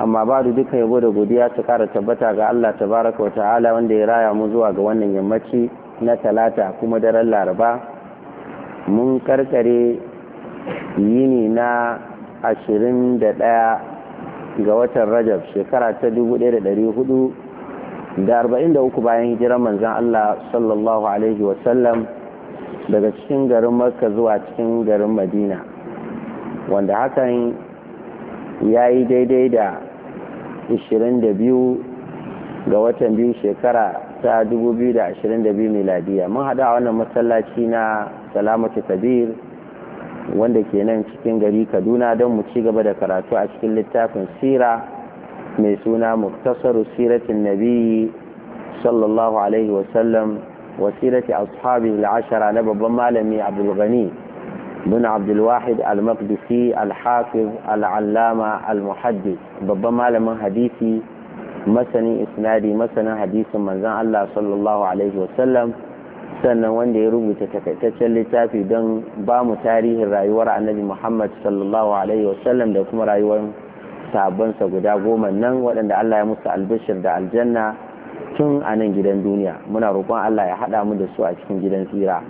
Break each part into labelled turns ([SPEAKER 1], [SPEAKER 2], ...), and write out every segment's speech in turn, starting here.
[SPEAKER 1] amma ba da duka yabo da godiya ta kara tabbata ga Allah tabaraka wa ta'ala wanda ya raya mu zuwa ga wannan yammaci na talata kuma daren laraba mun karkare yini na ashirin da ɗaya ga watan rajab shekara ta dubu ɗaya da ɗari hudu da arba'in da uku bayan hijiran manzan Allah sallallahu alaihi wasallam daga cikin garin makka zuwa cikin garin madina wanda hakan ya yi daidai da 22 ga watan biyu shekara ta 2022 miladiya mun hada a wannan masallaci na salamatu kabir wanda ke nan cikin gari kaduna don mu ci gaba da karatu a cikin littafin sira mai suna muktasaru siratin nabi sallallahu alaihi wasallam wa sirati ashabi al'ashara na babban malami gani. بن عبد al المقدسي al العلامة المحدث بابا مالما حديثي مسني إسنادي مسنا حديث من زان الله صلى الله عليه وسلم sannan wanda ya rubuta takaitaccen littafi don bamu tarihin rayuwar annabi muhammad sallallahu alaihi wasallam da kuma rayuwar sabonsa guda goma nan waɗanda allah ya musu albishir da aljanna tun a nan gidan duniya muna roƙon allah ya haɗa mu da su a cikin gidan tsira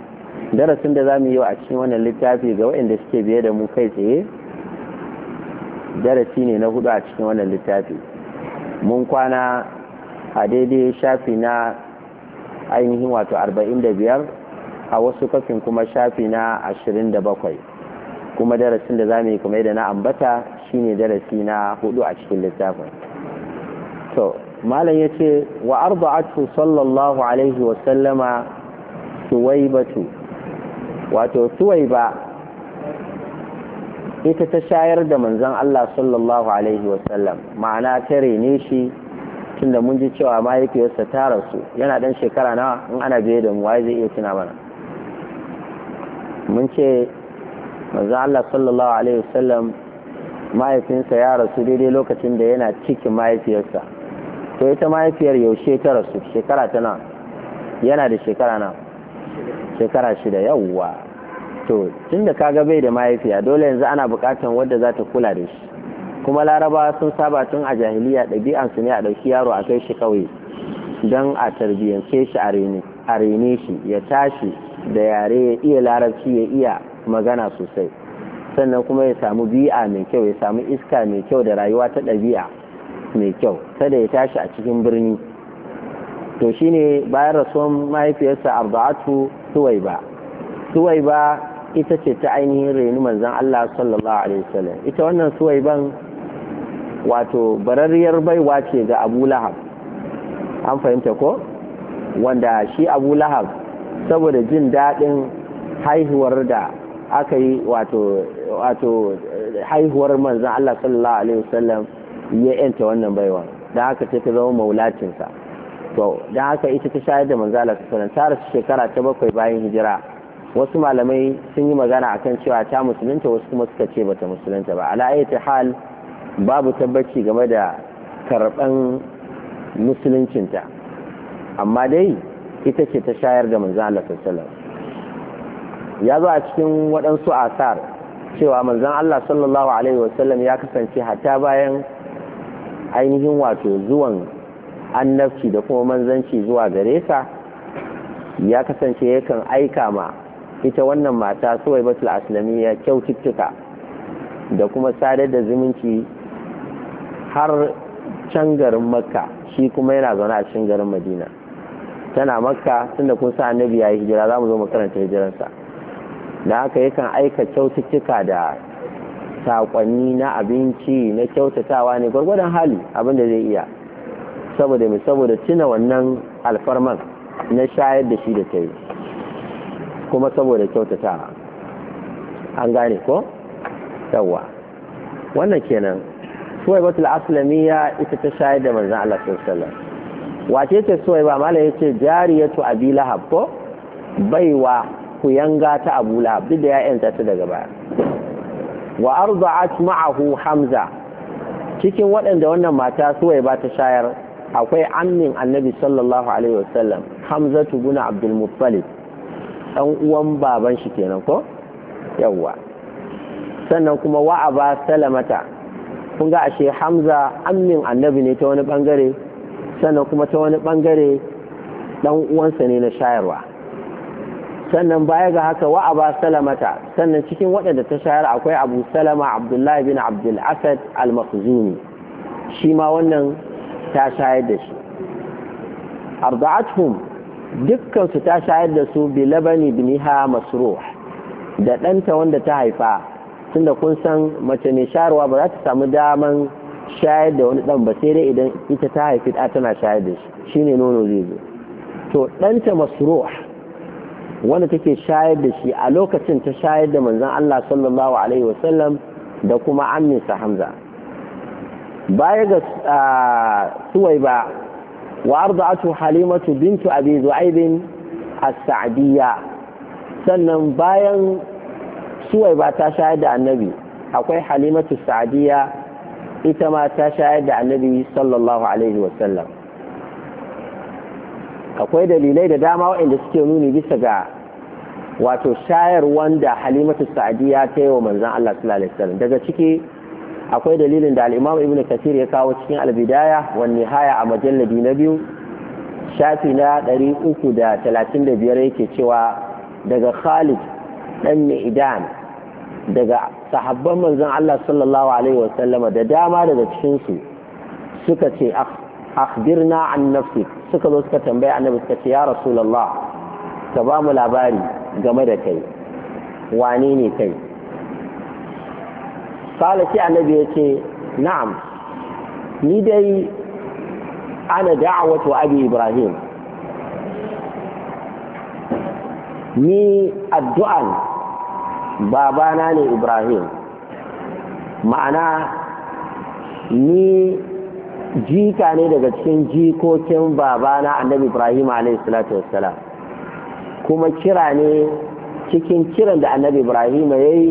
[SPEAKER 1] darasin da za mu yi a cikin wannan littafi ga waɗanda suke biye da mu kai tsaye darasi ne na hudu a cikin wannan littafi mun kwana a daidai shafi na ainihin wato 45 a wasu kafin kuma shafi na 27 kuma darasin da za mu yi kuma yadda na ambata shine darasi na hudu a cikin littafin to malam ya ce wa arba'atu sallallahu alaihi wasallama suwaibatu wato suwai ba ita ta shayar da manzan Allah sallallahu alaihi wasallam ma'ana ta rene shi tunda mun ji cewa mahaifiyarsa ta rasu yana dan shekara nawa in ana biye da mu zai iya tuna mana mun ce manzan Allah sallallahu alaihi wasallam mahaifinsa ya rasu daidai lokacin da yana cikin mahaifiyarsa to ita mahaifiyar yaushe ta rasu shekara tana yana da shekara nawa shekara shida yawwa to tun da kaga bai da mahaifiya dole yanzu ana buƙatar wadda za ta kula da shi kuma laraba sun saba tun a jahiliya ɗabi'an su ne a ɗauki yaro a kai shi kawai don a tarbiyyance shi a rene shi ya tashi da yare ya iya larabci ya iya magana sosai sannan kuma ya samu bi'a mai kyau ya samu iska mai kyau da rayuwa ta ɗabi'a mai kyau kada ya tashi a cikin birni to shine bayan rasuwan mahaifiyarsa arba'atu suwai ba suwai ba ita ce ta ainihin renu manzan Allah sallallahu alaihi wasallam ita wannan suwai ban wato bararriyar baiwa ce ga abu lahab an fahimta ko wanda shi abu lahab saboda jin daɗin haihuwar da aka yi wato wato haihuwar manzan Allah sallallahu alaihi wasallam ya yanta wannan baiwa da haka ta zama maulatinsa to don haka ita ta shayar da manzala ta sanar ta rasu shekara ta bakwai bayan hijira wasu malamai sun yi magana akan cewa ta musulunta wasu kuma suka ce bata musulunta ba ala hal babu tabbaci game da musuluncin musuluncinta amma dai ita ce ta shayar da manzan Allah sallallahu ya zo a cikin waɗansu asar cewa manzan Allah sallallahu alaihi wasallam ya kasance hatta bayan ainihin wato zuwan annabci da kuma manzanci zuwa gare sa ya kasance yakan aika ma ita wannan mata suwai batul ya kyaututtuka da kuma sadar da zumunci har can garin makka shi kuma yana zaune a cikin garin madina tana makka tunda kun sa annabi ya yi hijira za mu zo mu hijiransa da haka yakan aika kyaututtuka da saƙonni na abinci na kyautatawa ne gwargwadon hali abin da zai iya saboda mai saboda cina wannan alfarman na shayar da shi da ta yi kuma saboda kyautata an gane ko yawa wannan kenan suwai batul aslamiya ita ta shayar da manzan Allah sallallahu wace ce suwai ba malam yace jariyatu abi lahab ko baiwa ku yanga ta abu lahab duk da ya'yan ta daga baya wa arda'at ma'ahu hamza cikin waɗanda wannan mata suwai ba ta shayar akwai ammin annabi sallallahu alaihi wasallam hamzatu guna abdul muttalib dan uwan baban shi kenan ko yawwa sannan kuma wa aba salamata kun ga ashe hamza ammin annabi ne ta wani bangare sannan kuma ta wani bangare dan uwansa ne na shayarwa sannan baya ga haka wa aba salamata sannan cikin waɗanda ta shayar akwai abu salama abdullahi bin abdul asad al-makhzumi shi ma wannan ta shayar da shi arba'atuhum dukkan su ta shayar da su bi labani biniha masruh da ɗanta wanda ta haifa tunda kun san mace mai sharuwa ba za ta samu daman shayar da wani ɗan ba sai dai idan ita ta haifi ɗa tana shayar da shi shine nono zai zo to ɗanta masruh wanda take shayar da shi a lokacin ta shayar da manzon Allah sallallahu alaihi wasallam da kuma amminsa Hamza baya ga suwai ba wa atu halimatu bintu abi zu'aibin as-sa'diyya sannan bayan Suwaiba ta shayar da annabi akwai halimatu sa'diyya ita ma ta shayar da annabi sallallahu alaihi wa sallam. akwai dalilai da dama waɗanda suke nuni bisa ga wato shayar wanda halimatu sa'diyya ta yi wa manzon Allah sallallahu alaihi sallam daga ciki akwai dalilin da al'imam ibn kasir ya kawo cikin albidaya wani haya a majalladi na biyu shafi na ɗari da talatin 335 yake cewa daga khalid dan Idan. daga sahabban manzon Allah sallallahu alaihi wasallama da dama daga cikinsu suka ce akhbirna an nafsi suka zo suka tambaya annabi suka ce ya rasulullah ka ba mu labari game da kai wane ne kai fala sai annabi ya ce na'am ni dai ana da'awatu abi ibrahim ni addu'an babana ne ibrahim ma'ana ni jika ne daga cikin jikokin babana annabi ibrahim wassalam kuma kira ne cikin kiran da annabi ibrahim ya yi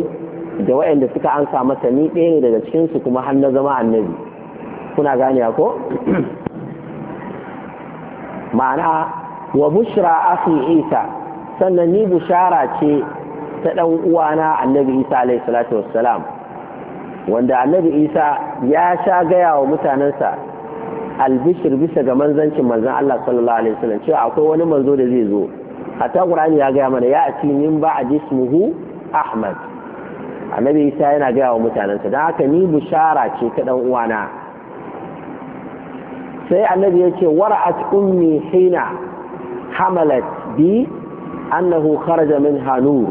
[SPEAKER 1] da waɗanda suka ansa masa ni ɗaya ne daga cikinsu kuma har na zama annabi kuna gane ko ma'ana wa bushra afi isa sannan ni bushara ce ta ɗan uwana annabi isa alaihi salatu wassalam wanda annabi isa ya sha gaya wa mutanensa albishir bisa ga manzancin manzan Allah sallallahu alaihi wasallam cewa akwai wani manzo da zai zo hatta qur'ani ya gaya mana ya ati min ba ajismuhu ahmad annabi isa yana gaya wa mutanensa don haka ni bushara ce ta dan uwana sai annabi yace ce wara'at ummi hina hamalat bi annahu kharaja min hanu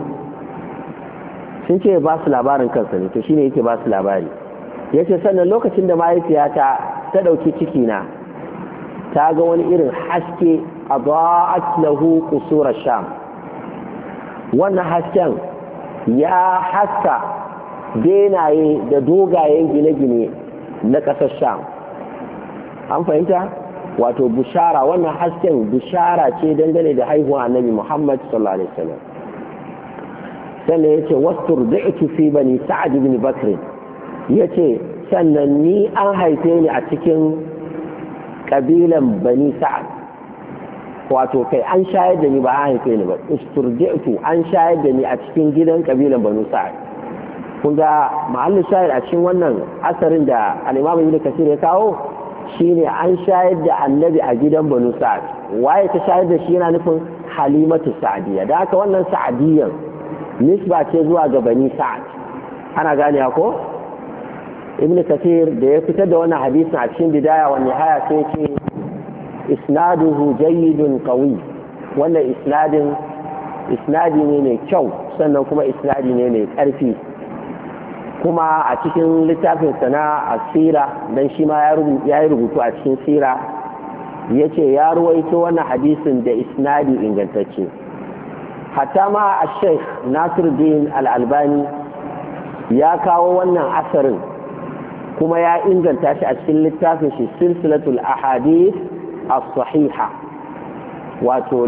[SPEAKER 1] sun ce ba su labarin kansa ne to shine yake ba su labari yace sannan lokacin da mahaifiyata ta dauki ciki na ta ga wani irin haske adaat lahu qusura sham wannan hasken ya haska benaye da dogayen gine-gine na ƙasar sham an fahimta wato bushara wannan hasken bushara ce dangane da haihuwa annabi muhammad sallallahu alaihi wasallam sannan ya ce wastur da ake fi bani sa'ad ibn bakr ya ce sannan ni an haife ni a cikin ƙabilan bani sa'ad wato kai an shayar da ni ba an haife ni ba isturdi'tu an shayar da ni a cikin gidan ƙabilan bani sa'ad kun ga ma'allin shayar a cikin wannan asarin da al'imamu ibn kasir ya kawo shine an shayar da annabi a gidan banu sa'ad waye ta shayar da shi yana nufin halimatu sa'adiyya da haka wannan sa'adiyyan nisba ce zuwa ga bani sa'ad ana gane ko ibn kasir da ya fitar da wannan hadisin a cikin bidaya wa nihaya sai ce isnaduhu jayyidun qawi wannan isnadin isnadi ne mai kyau sannan kuma isnadi ne mai karfi kuma a cikin littafin sana a asira don shi ma ya yi rubutu a cikin sira ya ce ya ruwaito wannan hadisin da isnadi ingantacce hatta ma a sheikh din al'albani ya kawo wannan asarin kuma ya inganta shi a cikin littafin shi silsilatul ahadith as-sahiha wato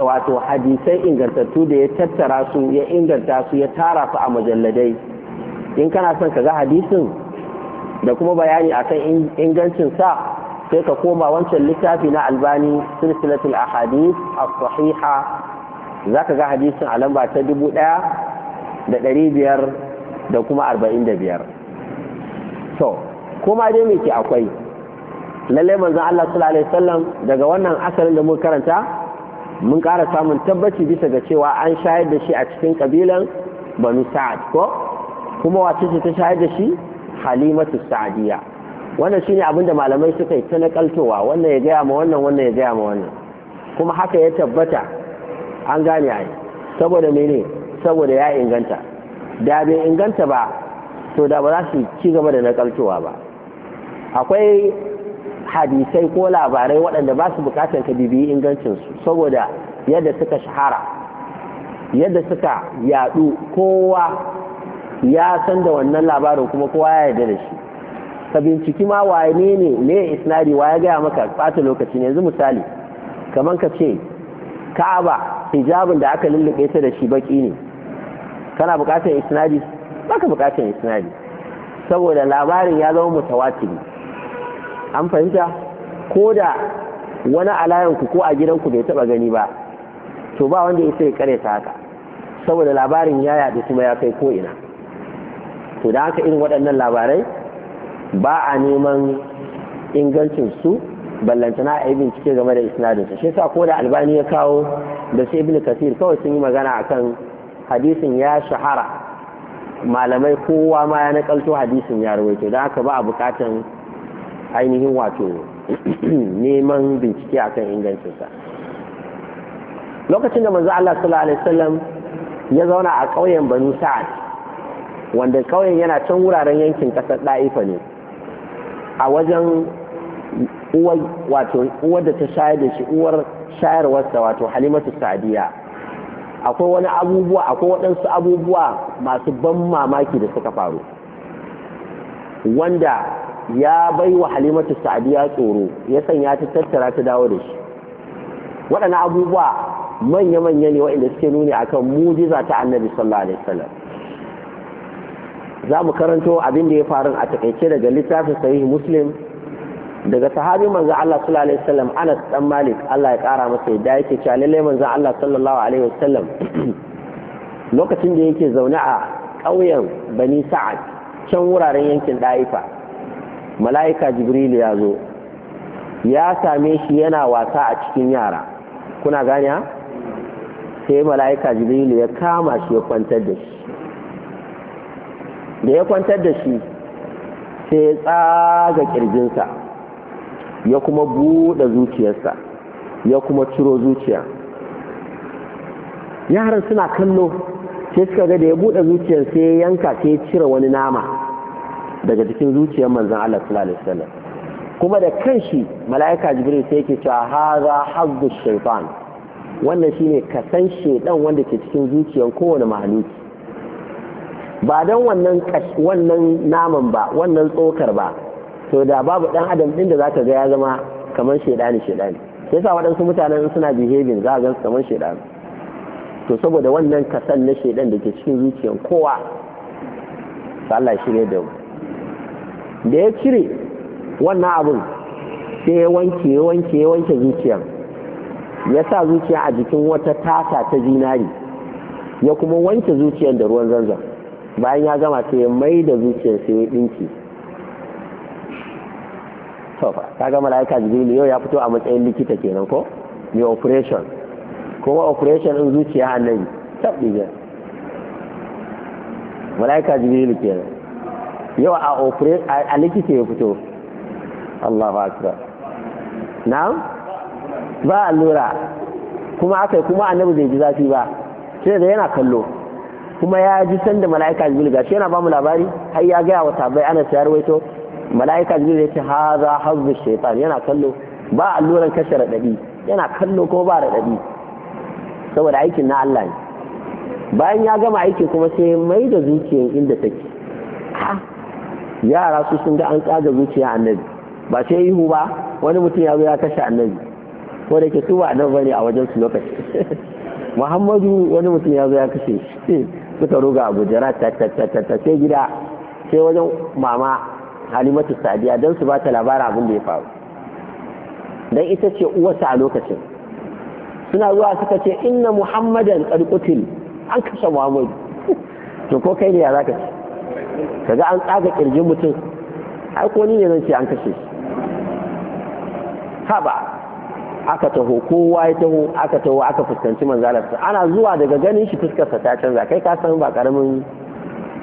[SPEAKER 1] wato hadisai ingantattu da ya tattara su ya inganta su ya tara su a majalladai in kana son ka ga hadisin da kuma bayani akan ingancin sa sai ka koma wancan littafi na albani silsilatul ahadith as-sahiha zaka ga hadisin a lamba ta dubu ɗaya da ɗari biyar da kuma arba'in da biyar to kuma dai me ke akwai lallai manzon Allah sallallahu alaihi wasallam daga wannan asalin da muka karanta mun ƙara samun tabbaci bisa ga cewa an shayar da shi a cikin kabilan banu sa'ad ko kuma wace ce ta shayar da shi halimatu sa'diya wannan shine abin da malamai suka yi ta nakaltowa wannan ya gaya ma wannan wannan ya gaya ma wannan kuma haka ya tabbata an gane ai saboda mene saboda ya inganta da bai inganta ba to da ba za su ci gaba da nakaltowa ba akwai hadisai ko labarai waɗanda ba su bukatar ka bibiyi ingancinsu saboda yadda suka shahara yadda suka yadu kowa ya san da wannan labarin kuma kowa ya yarda da shi ka binciki ma wane ne ne isnadi wa ya gaya maka ɓata lokaci ne yanzu misali kamar ka ce ka'aba hijabin da aka lullube ta da shi baki ne kana bukatar isnadi baka buƙatar isnadi saboda labarin ya zama mutawatiri an fahimta ko da wani alayanku ko a gidanku bai taɓa gani ba to ba wanda ya sai kare haka saboda labarin ya yaɗu kuma ya kai ko ina to da haka irin waɗannan labarai ba a neman ingancin su ballantana a yi bincike game da isnadinsa shi yasa ko da albani ya kawo da su ibn kasir kawai sun yi magana akan hadisin ya shahara malamai kowa ma ya nakalto hadisin ya rawaito da haka ba a bukatan ainihin wato neman bincike akan ingancinsa lokacin da manzo Allah sallallahu alaihi wasallam ya zauna a ƙauyen Banu Sa'ad wanda kauyen yana can wuraren yankin ƙasar ɗa'ifa ne a wajen uwar da ta shayar da shi uwar shayarwarsa wato halimatu sadiya akwai wani abubuwa akwai waɗansu abubuwa masu ban mamaki da suka faru wanda ya bai wa halimatu Sadiya tsoro ya sanya ta tattara ta dawo da shi waɗannan abubuwa manya-manya ne waɗanda suke nuni akan mujiza ta annabi sallallahu alaihi wasallam za mu karanto abin da ya faru a takaice daga littafin sahihi muslim daga sahabi manzo Allah sallallahu alaihi wasallam Anas dan Malik Allah ya kara masa yadda yake cewa lalle manzo Allah sallallahu alaihi wasallam lokacin da yake zaune a ƙauyen Bani Sa'ad can wuraren yankin Daifa mala'ika Jibril ya zo ya same shi yana wasa a cikin yara kuna gane sai mala'ika Jibril ya kama shi ya kwantar da shi da ya kwantar da shi sai ya tsaga kirjinsa ya kuma buɗe zuciyarsa ya kuma ciro zuciya yaran suna kallo sai suka ga da ya buɗe zuciyar sai ya yanka sai ya cire wani nama daga cikin zuciyar manzan Allah sallallahu alaihi kuma da kanshi mala'ika jibril sai yake cewa hadha hazzu shaytan wannan shine kasan shedan wanda ke cikin zuciyar kowane mahaluki ba don wannan wannan naman ba wannan tsokar ba to da babu dan adam din da zaka ga ya zama kamar shedani shedani sai sa waɗansu mutanen suna behaving za a gansu kamar shedani to saboda wannan kasan na shedan da ke cikin zuciyar kowa Allah shirye da mu da ya cire wannan abun sai ya wanke ya wanke ya wanke zuciyar ya sa zuciya a jikin wata tasa ta zinari ya kuma wanke zuciyar da ruwan zanzan bayan ya gama sai mai da zuciyar sai ya dinki to fa gama malaika jibrilu yau ya fito a matsayin likita kenan ko mai operation kuma operation din zuciya annabi tabbiga malaika jibrilu kenan yau a operate a likita ya fito Allahu akbar na'am ba allura kuma akai kuma annabi bai ji zafi ba sai da yana kallo kuma ya ji sanda mala'ika jibril shi yana ba mu labari har ya gaya wa sabai ana ya rawaito mala'ika jibril ya ce haza hazu shaytan yana kallo ba alluran kashe radadi yana kallo ko ba radadi saboda aikin na Allah ne bayan ya gama aiki kuma sai mai da zuciyar inda take ah, yara su sun ga an tsaga zuciya annabi ba sai ihu ba wani mutum ya zo ya kashe annabi ko da ke su ba annabi bane a wajen su lokaci Muhammadu wani mutum ya zo ya kashe shi suka ruga a gujarat ta ta ta ta sai gida sai wajen mama halimatu sadiya don su ba ta labarin abin da ya faru Don ita ce uwarsa a lokacin suna zuwa suka ce inna muhammadan qad an kashe muhammadu to ko kai ne ya ka ce kaga an tsaga ƙirjin mutum ai ko ni ne zan ce an kashe shi haba aka taho kowa ya taho aka taho aka fuskanci ta ana zuwa daga ganin shi fuskarsa ta canza kai ka san ba karamin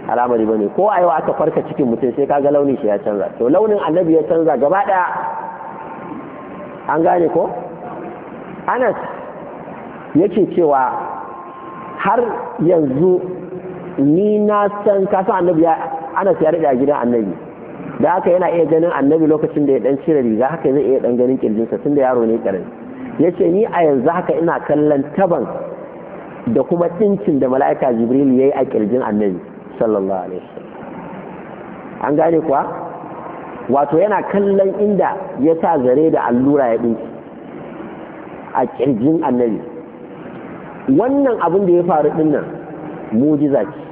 [SPEAKER 1] alamari ba ne ko a yau aka farka cikin mutum sai kaga launin shi ya canza to launin annabi ya canza gaba daya an gane ko anas yake cewa har yanzu ni na san ka kasan annabi ya anas ya rike a gidan annabi da haka yana iya ganin annabi lokacin da ya dan cire riga haka zai iya dan ganin kirjinsa da yaro ne karami yace ni a yanzu haka ina kallon taban da kuma ɗincin da mala'ika jibril yayi a kirjin annabi sallallahu alaihi wasallam an gane kuwa wato yana kallon inda ya sa zare da allura ya ɗinki a kirjin annabi wannan abin da ya faru dinnan mujiza ce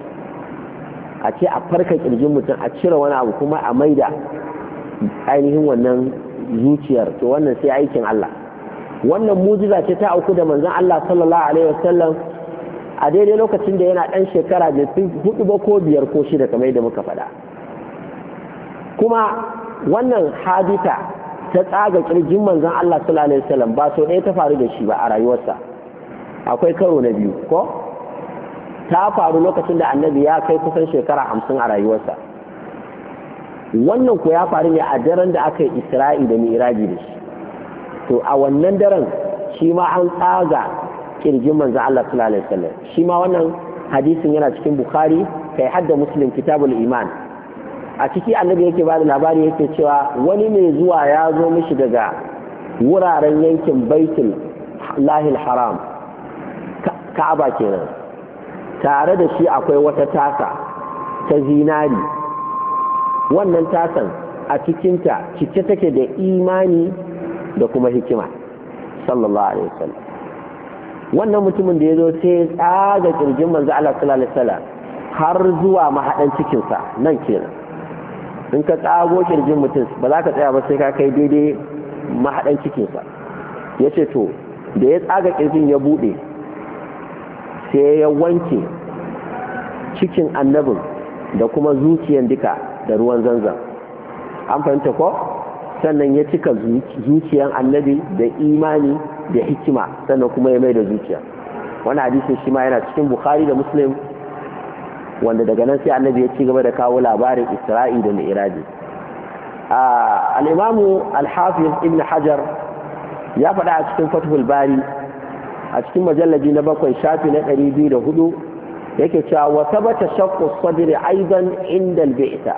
[SPEAKER 1] a ce a farka kirjin mutum a cire wani abu kuma a maida ainihin wannan zuciyar to wannan sai aikin Allah wannan mujiza ce ta auku da manzon Allah sallallahu alaihi wasallam a daidai lokacin da yana dan shekara da hudu ba ko biyar ko shida kamar yadda muka faɗa kuma wannan hadita ta tsaga kirjin manzon Allah sallallahu alaihi wasallam ba so ɗaya ta faru da shi ba a rayuwarsa akwai karo na biyu ko ta faru lokacin da annabi ya kai kusan shekara hamsin a rayuwarsa wannan ku ya faru ne a daren da aka yi isra'i da miraji da shi to a wannan daren shi ma an tsaga kirgin manzo Allah sallallahu alaihi wasallam shi ma wannan hadisin yana cikin bukhari kai hadda muslim kitabul iman a ciki annabi yake ba da labari yake cewa wani mai zuwa ya zo mishi daga wuraren yankin baitul lahil haram ka'aba kenan tare da shi akwai wata tasa ta zinari wannan tasan a cikinta cike take da imani da kuma hikima sallallahu alaihi wasallam wannan mutumin da ya zo sai ya tsaga kirgin manzo Allah sallallahu alaihi wasallam har zuwa mahadan cikinsa nan kenan in ka tsago kirgin mutum ba za ka tsaya ba sai ka kai daidai mahadan cikinsa ya ce to da ya tsaga kirgin ya bude sai ya wanke cikin annabin da kuma zuciyan duka da ruwan zanzan an fahimta ko sannan ya cika zuciyan annabi da imani da hikima sannan kuma ya mai da zuciya wani hadisin shi ma yana cikin bukhari da muslim wanda daga nan sai annabi ya ci gaba da kawo labarin isra'i da mi'iraji al'imamu imamu ibn hajar ya faɗa a cikin fatuhul bari a cikin majallabi na bakwai shafi na ɗari biyu da hudu yake cewa wa tabata shakku sadri aidan inda al yake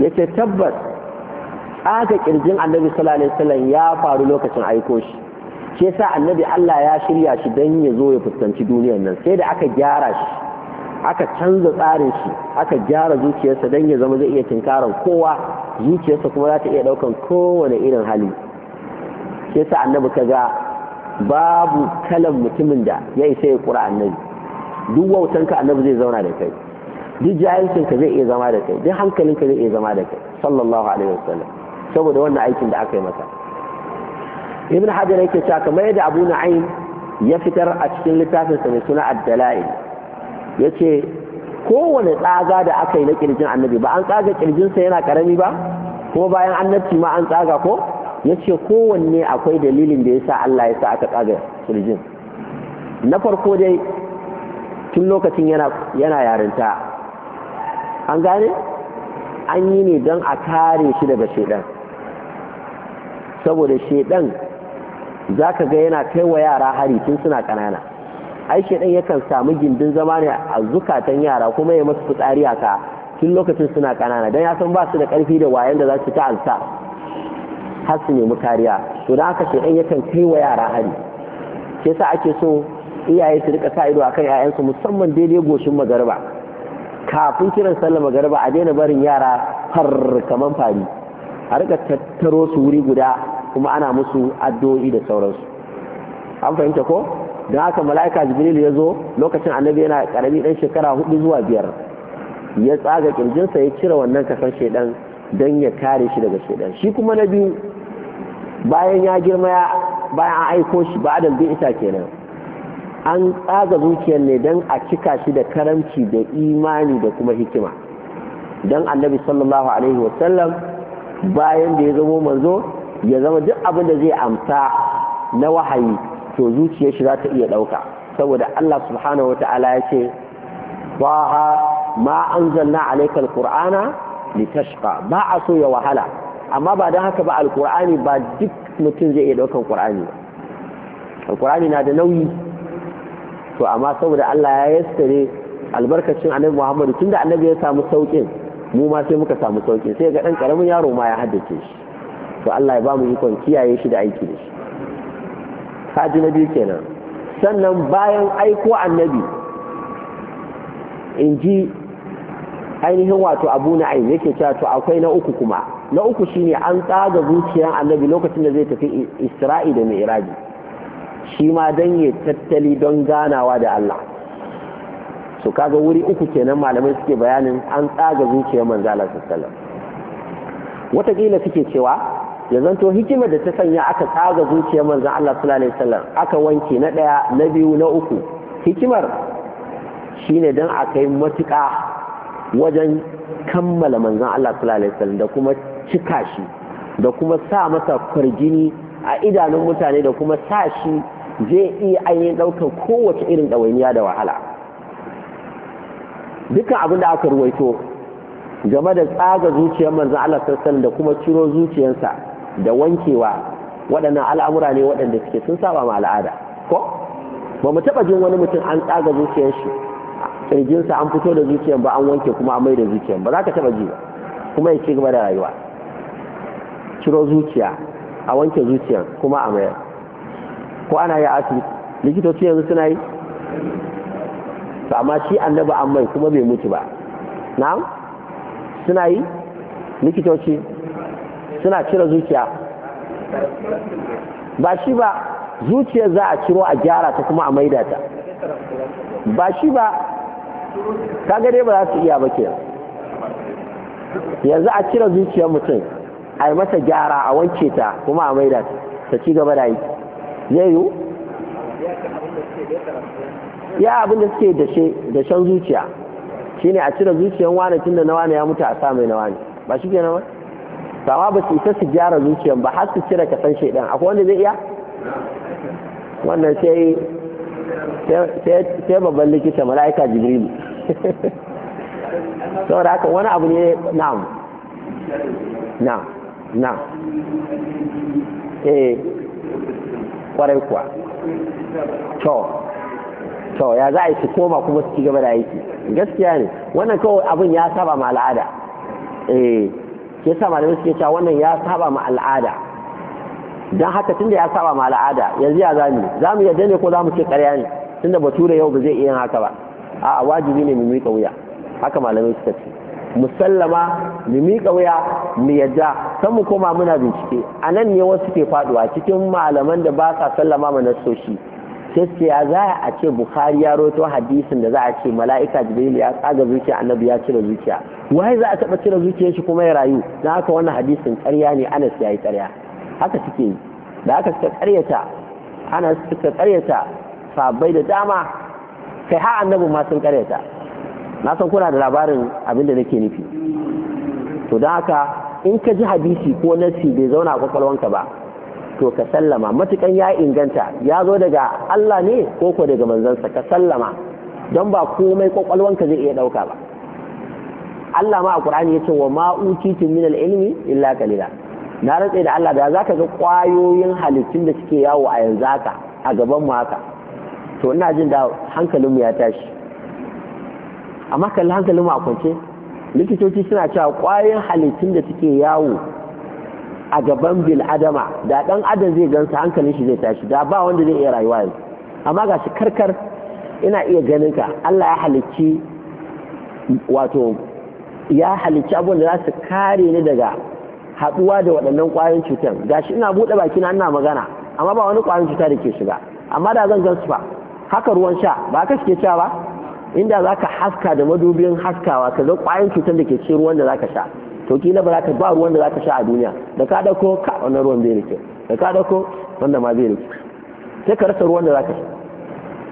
[SPEAKER 1] yace tabbas aka kirjin annabi sallallahu alaihi wasallam ya faru lokacin aiko shi shi yasa annabi Allah ya shirya shi dan ya zo ya fuskanci duniyar nan sai da aka gyara shi aka canza tsarin shi aka gyara zuciyarsa dan ya zama zai iya tinkara kowa zuciyarsa kuma za ta iya daukan kowane irin hali shi yasa annabi ga babu kalan mutumin da ya isa ya kura annabi duk wautanka annabi zai zauna da kai duk jahilcinka zai iya zama da kai duk hankalinka zai iya zama da kai sallallahu alaihi wasallam saboda wannan aikin da aka yi masa ibn hajar yake cewa kamar yadda abu na'im ya fitar a cikin littafin sa mai suna ad-dala'il yace kowane tsaga da aka yi na kirjin annabi ba an tsaga sa yana karami ba ko bayan annabci ma an tsaga ko yace kowanne akwai dalilin da yasa Allah ya sa aka tsaga kirjin na farko dai tun lokacin yana yarinta an gane an yi ne don a kare shi daga shaidan saboda shaidan za ka ga yana kai wa yara hari tun suna ƙanana ai shaidan yakan samu gindin zama ne a zukatan yara kuma ya masu fitsari a ka tun lokacin suna kanana don ya san ba su da karfi da wayan da za su ta alsa har su nemi kariya to da haka shaidan yakan kai wa yara hari ke sa ake so iyaye su rika sa ido akan ƴaƴansu musamman daidai goshin magarba kafin kiran sallah magarba a daina barin yara har kaman fari a rika tattaro su wuri guda kuma ana musu addu'o'i da sauransu an fahimta ko don haka mala'ika jibril ya zo lokacin annabi yana karami dan shekara hudu zuwa biyar ya tsaga kirjinsa ya cire wannan kasan shaidan don ya kare shi daga shaidan shi kuma na biyu bayan ya girma bayan an aiko shi ba adam bin isa kenan an tsaga zuciyar ne don a cika shi da karamci da imani da kuma hikima don annabi sallallahu alaihi wasallam bayan da ya zama manzo ya zama duk abin da zai amsa na wahayi to zuciyar shi za ta iya ɗauka saboda Allah subhanahu wa ta'ala ya ce baha ma anzalna alaikal qur'ana litashqa ba a so ya wahala amma ba don haka ba alqur'ani ba duk mutum zai iya ɗaukar qur'ani ba alqur'ani na da nauyi to amma saboda Allah ya yassare albarkacin annabi Muhammadu tunda annabi ya samu saukin mu ma sai muka samu saukin sai ga dan karamin yaro ma ya haddace shi to Allah ya ba mu ikon kiyaye shi da aiki da shi haji na biyu kenan sannan bayan aiko annabi in ji ainihin wato abu na ainihin yake cewa to akwai na uku kuma na uku shine an tsaga zuciyar annabi lokacin da zai tafi isra'i da mai iraji. shi ma don ya tattali don ganawa da Allah su kaga wuri uku kenan malamai suke bayanin an tsaga zuciyar manzala sassalar watakila suke cewa ya zanto hikimar da ta sanya aka tsaga zuciyar manzan Allah sallallahu alaihi aka wanke na ɗaya na biyu na uku hikimar shine don a kai matuka wajen kammala manzan Allah sallallahu alaihi da kuma cika shi da kuma sa masa kwargini a idanun mutane da kuma sa shi zai iya ainihin ɗaukar kowace irin ɗawainiya da wahala dukkan abin da aka ruwaito game da tsaga zuciyar manzo Allah sassan da kuma ciro zuciyarsa da wankewa waɗannan al'amura ne waɗanda suke sun saba ma al'ada ko ba mu taɓa jin wani mutum an tsaga zuciyar shi ƙirjinsa an fito da zuciyar ba an wanke kuma an mai da zuciyar ba za ka taɓa ji ba kuma ya ci gaba da rayuwa ciro zuciya a wanke zuciyar kuma a mayar ko ana yi a asibiti likitoci yanzu suna yi to amma shi annabi an mai kuma bai mutu ba na'am suna yi likitoci suna cire zuciya ba shi ba zuciya za a ciro a gyara ta kuma a maida ta ba shi ba kaga dai ba za su iya ba ke yanzu a cire zuciyar mutum a yi mata gyara a wanke ta kuma a maida ta ta ci gaba da yi zai yiwu ya abin da suke da shan zuciya shine a cire zuciyan wane tun da na wane ya mutu a sa mai na wane ba shi kenan ba sawa ba su isa su gyara zuciyan ba har su cire kasan shaidan akwai wanda zai iya wannan sai sai babban likita mala'ika jibrilu da haka wani abu ne na'am na'am na'am eh kwarai kuwa to to ya za a yi su koma kuma su ci gaba da aiki gaskiya ne wannan kawai abin ya saba ma al'ada eh ke sa malamai suke cewa wannan ya saba ma al'ada don haka tunda ya saba ma al'ada yanzu ya zamu zamu yadda ne ko zamu ce ƙarya ne tunda bature yau ba zai iya haka ba a'a wajibi ne mu miƙa wuya haka malamai suka ce musallama mu miƙa wuya mu yadda san mu koma muna bincike a nan ne wasu ke faduwa cikin malaman da ba sa sallama ma nasoshi sai ya za a ce bukhari ya roto hadisin da za a ce mala'ika jibril ya tsaga zuciya annabi ya cire zuciya wai za a taba cire zuciyar shi kuma ya rayu na haka wannan hadisin ƙarya ne anas ya yi ƙarya haka suke da haka suka ƙaryata anas suka ƙaryata sabai da dama kai ha annabi ma sun ƙaryata na san kuna da labarin abin da nake nufi to don haka in ka ji hadisi ko nassi bai zauna a kwakwalwanka ba to ka sallama matukan ya inganta ya zo daga Allah ne ko ko daga manzansa ka sallama don ba komai kwakwalwanka zai iya ɗauka ba Allah ma a Qur'ani ya ce wa ma utitum min ilmi illa kalila. na rantse da Allah da za ka ga ƙwayoyin halittun da suke yawo a yanzu haka a gaban mu haka to ina jin da hankalinmu ya tashi amma kalli hankalin mu a kwance likitoci suna cewa ƙwayoyin halittun da suke yawo a gaban bil adama da ɗan adam zai gansa hankalin shi zai tashi da ba wanda zai iya rayuwa yanzu amma ga shi karkar ina iya ganin ka Allah ya halicci wato ya halicci abubuwan da za su kare ni daga haɗuwa da waɗannan ƙwayoyin cutar ga shi ina buɗe bakina ina magana amma ba wani ƙwayoyin cuta da ke shiga amma da zan gansu fa haka ruwan sha ba haka suke cewa ba inda za ka haska da madubin haskawa ka zo ƙwayan cutar da ke cikin ruwan da za ka sha to kila ba za ka ba ruwan da za ka sha a duniya da ka dauko ka wannan ruwan bai rike da ka dauko wanda ma bai rike sai ka rasa ruwan da za ka sha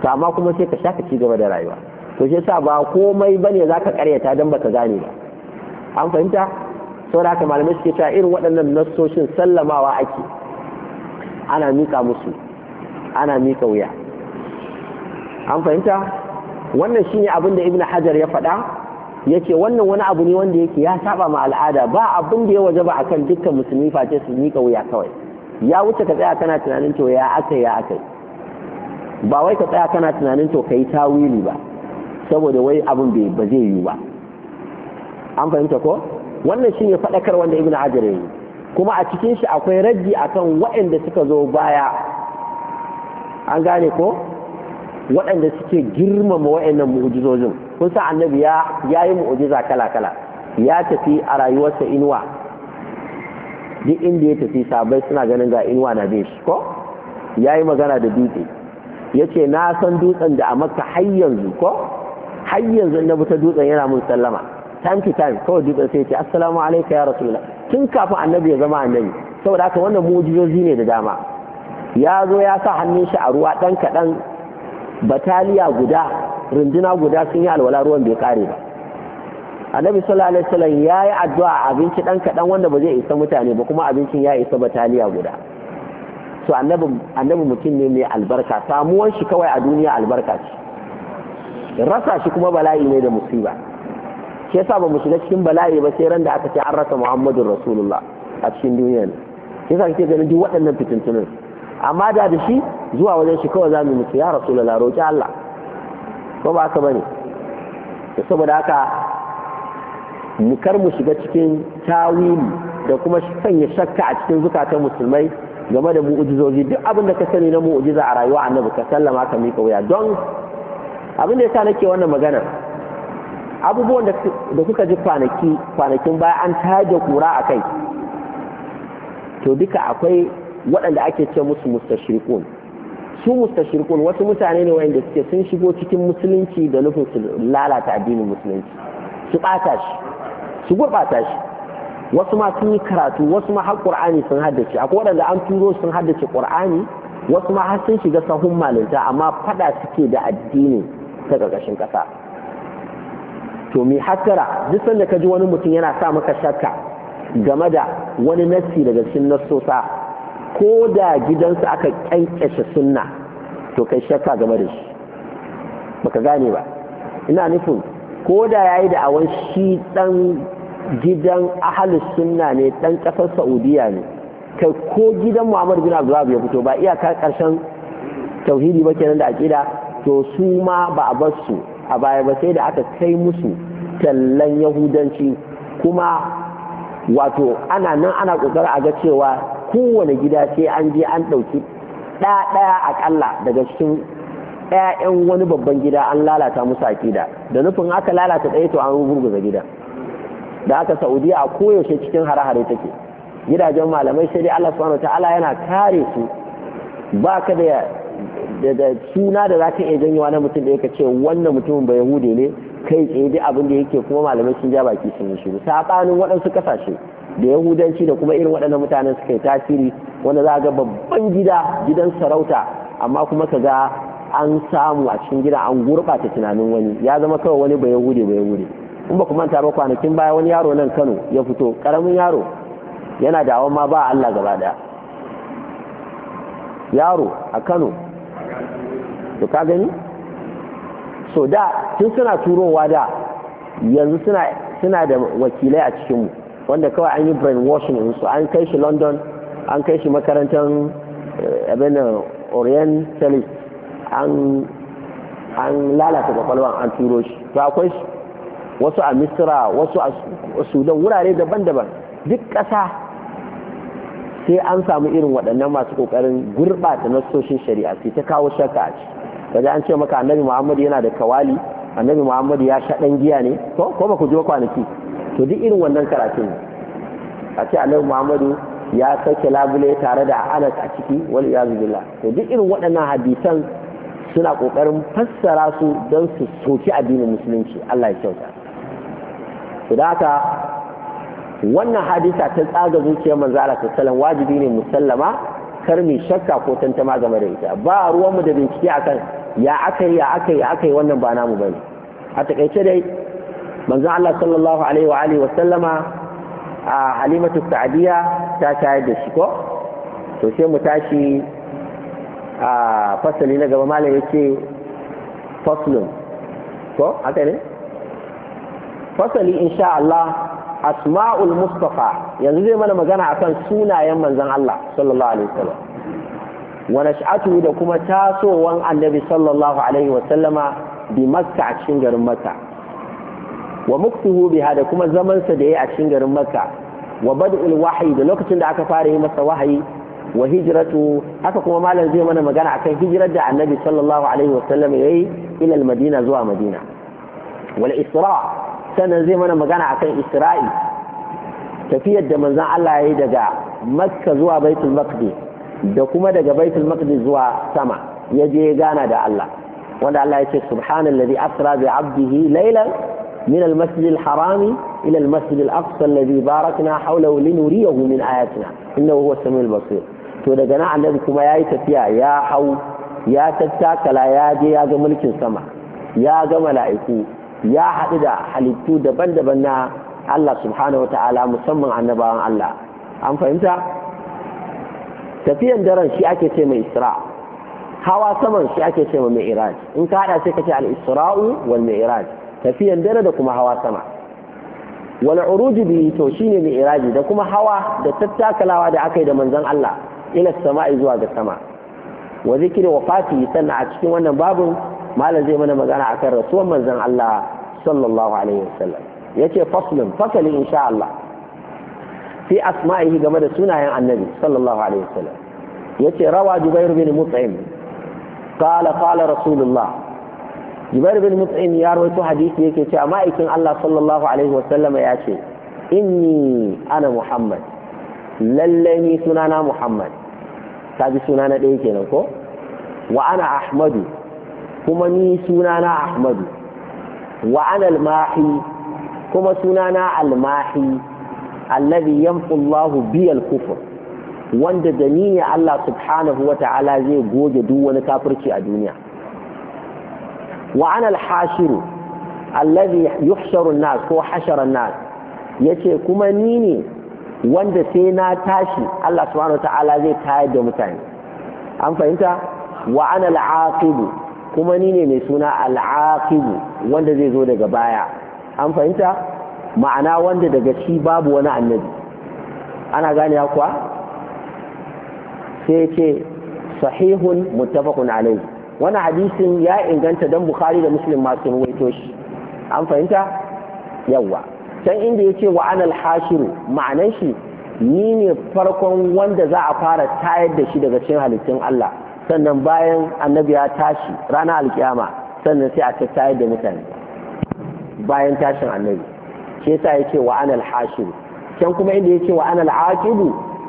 [SPEAKER 1] to amma kuma sai ka sha ka ci gaba da rayuwa to shi yasa ba komai bane za ka karyata dan baka gane ba an fahimta Sau da haka malamai suke cewa irin waɗannan nassoshin sallamawa ake ana mika musu ana mika wuya an fahimta wannan shine abin da ibnu hajar ya faɗa yace wannan wani abu ne wanda yake ya saba ma al'ada ba abin da ya wajaba akan dukkan musulmi face su mika wuya kawai ya wuce ka tsaya kana tunanin to ya akai ya akai ba wai ka tsaya kana tunanin to kai tawili ba saboda wai abin bai ba zai yi ba an fahimta ko wannan shine faɗakar wanda ibnu hajar ya yi kuma a cikin shi akwai rajji akan waɗanda suka zo baya an gane ko waɗanda suke girmama wa'annan mu'ujizojin kun sa annabi ya yi mu'ujiza kala kala ya tafi a rayuwarsa inuwa duk inda ya tafi sabai suna ganin ga inuwa na bin shi ko yi magana da dutse yace na san dutsen da a makka har yanzu ko har yanzu na ta dutsen yana mun sallama time to time kawai dutsen sai ya ce assalamu alaikum ya rasulullah tun kafin annabi ya zama annabi saboda haka wannan mu'ujizoji ne da dama ya zo ya sa hannun shi a ruwa ɗan kaɗan bataliya guda runduna guda sun yi alwala ruwan bai kare ba annabi sallallahu alaihi wasallam ya yi addu'a abinci dan kaɗan wanda ba zai isa mutane ba kuma abincin ya isa bataliya guda to annabi mutum ne mai albarka samuwan shi kawai a duniya albarka ce rasa shi kuma bala'i ne da musiba shi yasa ba mu shiga cikin bala'i ba sai ran da aka ce an rasa muhammadun rasulullah a cikin duniya ne shi yasa kake ganin duk waɗannan fitintunan amma da da shi zuwa wajen shi kawai za mu mutu ya rasulullah roƙi Allah ko ba haka bane to saboda haka mu mu shiga cikin tawili da kuma sanya shakka a cikin zukatan musulmai game da mu'ujizoji duk abin da ka sani na mu'ujiza a rayuwa annabi ka sallama ka mika wuya don abin da yasa nake wannan magana abubuwan da kuka ji kwanaki kwanakin baya an taje kura a kai to duka akwai waɗanda ake ce musu mustashriqun su mustashriqun wasu mutane ne wanda suke sun shigo cikin musulunci da nufin su lalata addinin musulunci su ɓata shi su gurɓata shi wasu ma sun yi karatu wasu ma har qur'ani sun haddace akwai waɗanda an turo sun haddace qur'ani wasu ma har sun shiga sahun malinta amma fada suke da addini ta ƙarƙashin ƙasa to mi hattara duk sanda ka ji wani mutum yana sa maka shakka game da wani nassi daga cikin nassosa ko da gidansu aka kyankyashe sunna to kai shakka game da shi baka gane ba ina nufin ko da yayi da awan shi dan gidan ahalus sunna ne dan kasar saudiya ne kai ko gidan muhammadu bin abdullahi ya fito ba iyaka karshen tauhidi ba kenan da aqida to su ma ba a bar su a baya ba sai da aka kai musu tallan yahudanci kuma wato ana nan ana kokari a ga cewa kowane gida sai an je an ɗauki ɗaya aƙalla daga cikin ƴaƴan wani babban gida an lalata musu aƙida da nufin aka lalata ɗaya to an gurguza gida. da aka saudiya a koyaushe cikin hare-hare take gidajen malamai sai dai allah subhanahu ta'ala yana kare su ba ka da da suna da za ka iya janyewa na mutum da yake ce wannan mutumin ba hude ne kai tsaye duk abin da yake kuma malamai sun ja baki sun yi shiru saɓanin waɗansu kasashe. da yahudanci da kuma irin waɗannan mutanen suka yi tasiri wanda za a ga babban gida gidan sarauta amma kuma ka ga an samu a cikin gida an gurɓata tunanin wani ya zama kawai wani bai yahude bai yahude in ba Kuma manta ba kwanakin baya wani yaro nan Kano ya fito karamin yaro yana da ma ba Allah gaba ɗaya. yaro a Kano to ka gani so da tun suna turowa da yanzu suna da wakilai a cikinmu wanda kawai an yi brainwashing su an kai shi london an kai shi makarantar eh, abin orientalist an an lalata kwakwalwa an turo shi to akwai wasu a misira wasu a sudan wurare daban-daban duk ƙasa sai an samu irin waɗannan masu ƙoƙarin gurɓata nasoshin shari'a sai ta kawo shakka a ciki an ce maka annabi muhammadu yana da kawali annabi muhammadu ya sha ɗan giya ne ko ba ku kwanaki to duk irin wannan karatun a ce annabi muhammadu ya sake labule tare da anas a ciki wal ya billah to duk irin waɗannan hadisan suna ƙoƙarin fassara su don su soki addinin musulunci Allah ya kyauta to da haka wannan hadisa ta tsaga zuciyar manzo Allah sallallahu wajibi ne musallama kar mai shakka ko tantama game da ita ba ruwanmu da bincike akan ya akai ya akai ya akai wannan ba namu bane a takaice dai manzon Allah sallallahu alaihi wa alihi wa sallama a halimatu sa'diya ta shayar da shi ko to sai mu tashi a fasali na gaba malam yace faslun ko haka ne fasali insha Allah asma'ul mustafa yanzu zai mana magana akan sunayen manzon Allah sallallahu alaihi wasallam wa nash'atu da kuma tasowan annabi sallallahu alaihi wasallama bi makka a cikin garin makka wa muktuhu biha da kuma zamansa da ya a cikin garin makka wa bad'ul wahyi da lokacin da aka fara yi masa wahayi wa hijratu haka kuma malam zai mana magana akan hijrar da annabi sallallahu alaihi wa sallam yayi ila al-madina zuwa madina wal isra sannan zai mana magana akan isra'i tafiyar da manzon Allah yayi daga makka zuwa baitul maqdis da kuma daga baitul maqdis zuwa sama ya je gana da Allah wanda Allah ya ce subhanallazi asra bi abdihi laylan من المسجد الحرام إلى المسجد الأقصى الذي باركنا حوله لنريه من آياتنا إنه هو السميع البصير to daga nan annabi kuma ya yi tafiya ya hau ya tattakala ya je ya ga mulkin sama ya ga mala'iku ya haɗu da halittu daban-daban na Allah subhanahu wata'ala musamman annabawan Allah an fahimta tafiyan daren shi ake ce mai isra hawa saman shi ake ce mai iraj in ka haɗa sai ka ce al-isra'u wal mi'raj tafiyan dare da kuma hawa sama wal uruji bi to shine mi'raji da kuma hawa da tattakalawa da aka yi da manzon Allah ila sama'i zuwa ga sama wa zikri wafati sannan a cikin wannan babun malam zai mana magana akan rasuwar manzon Allah sallallahu alaihi wasallam yace faslun fasali insha Allah fi asma'ihi game da sunayen annabi sallallahu alaihi wasallam yace rawa jubair bin mut'im qala qala rasulullah Jibar bin Mut'im ya rawaito hadisi yake cewa ma'aikin Allah sallallahu alaihi wa sallama ya ce inni ana Muhammad lalle ni sunana Muhammad bi sunana ɗaya kenan ko wa ana Ahmadu kuma ni sunana Ahmadu wa ana al kuma sunana al-mahi alladhi yamqu Allahu bi al wanda da ni ne Allah subhanahu wa ta'ala zai goge duk wani kafirci a duniya wa ana al-hashiru allazi yuhsharu an-nas ko hashara nas yace kuma ni ne wanda sai na tashi Allah subhanahu zai tayar da mutane an fahimta wa ana kuma ni ne mai suna al wanda zai zo daga baya an fahimta ma'ana wanda daga shi babu wani annabi ana gane kuwa sai ce sahihun muttafaqun alayhi wani hadisin ya inganta don bukhari da muslim masu ruwaito shi an fahimta yawa can inda ya ce wa anal hashiru ma'anan shi ni ne farkon wanda za a fara tayar da shi daga cikin halittun Allah sannan bayan annabi ya tashi ranar alkiyama sannan sai a ta tayar da mutane bayan tashin annabi shi yasa ya ce wa anal hashiru can kuma inda ya ce wa anal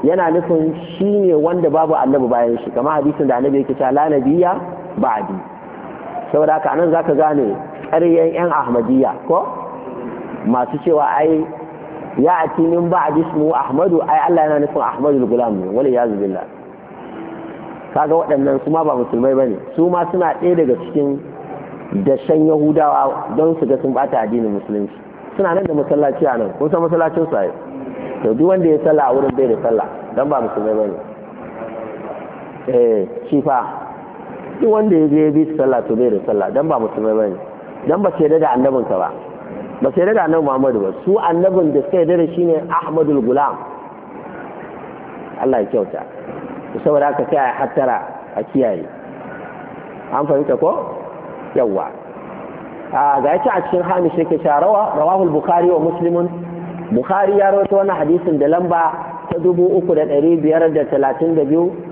[SPEAKER 1] yana nufin shi ne wanda babu annabi bayan shi kamar hadisin da annabi yake cewa la nabiyya Ba'adi saboda haka anan zaka gane ƙaryen yan ahmadiyya ko masu cewa ai ya ati min ba'di ismu ahmadu ai Allah yana nufin ahmadul gulam ne wala yazu billah kaga waɗannan su ma ba musulmai bane su ma suna ɗaya daga cikin dashen yahudawa don su ga sun bata addinin musulunci suna nan da masallaci a nan kun san masallacin su ai to duk wanda ya sallah a wurin bai da sallah dan ba musulmai bane eh shi duk wanda ya je bi sallah to bai da sallah dan ba musulmai bane dan ba sai da annabin ka ba ba sai da annabi Muhammadu ba su annabin da sai da shine Ahmadul Gulam Allah ya kyauta saboda haka sai a hattara a kiyaye an fahimta ko yawa a ga yace a cikin hamish yake sharawa rawahu al bukhari wa muslimun bukhari ya rawaito wannan hadisin da lamba ta 3532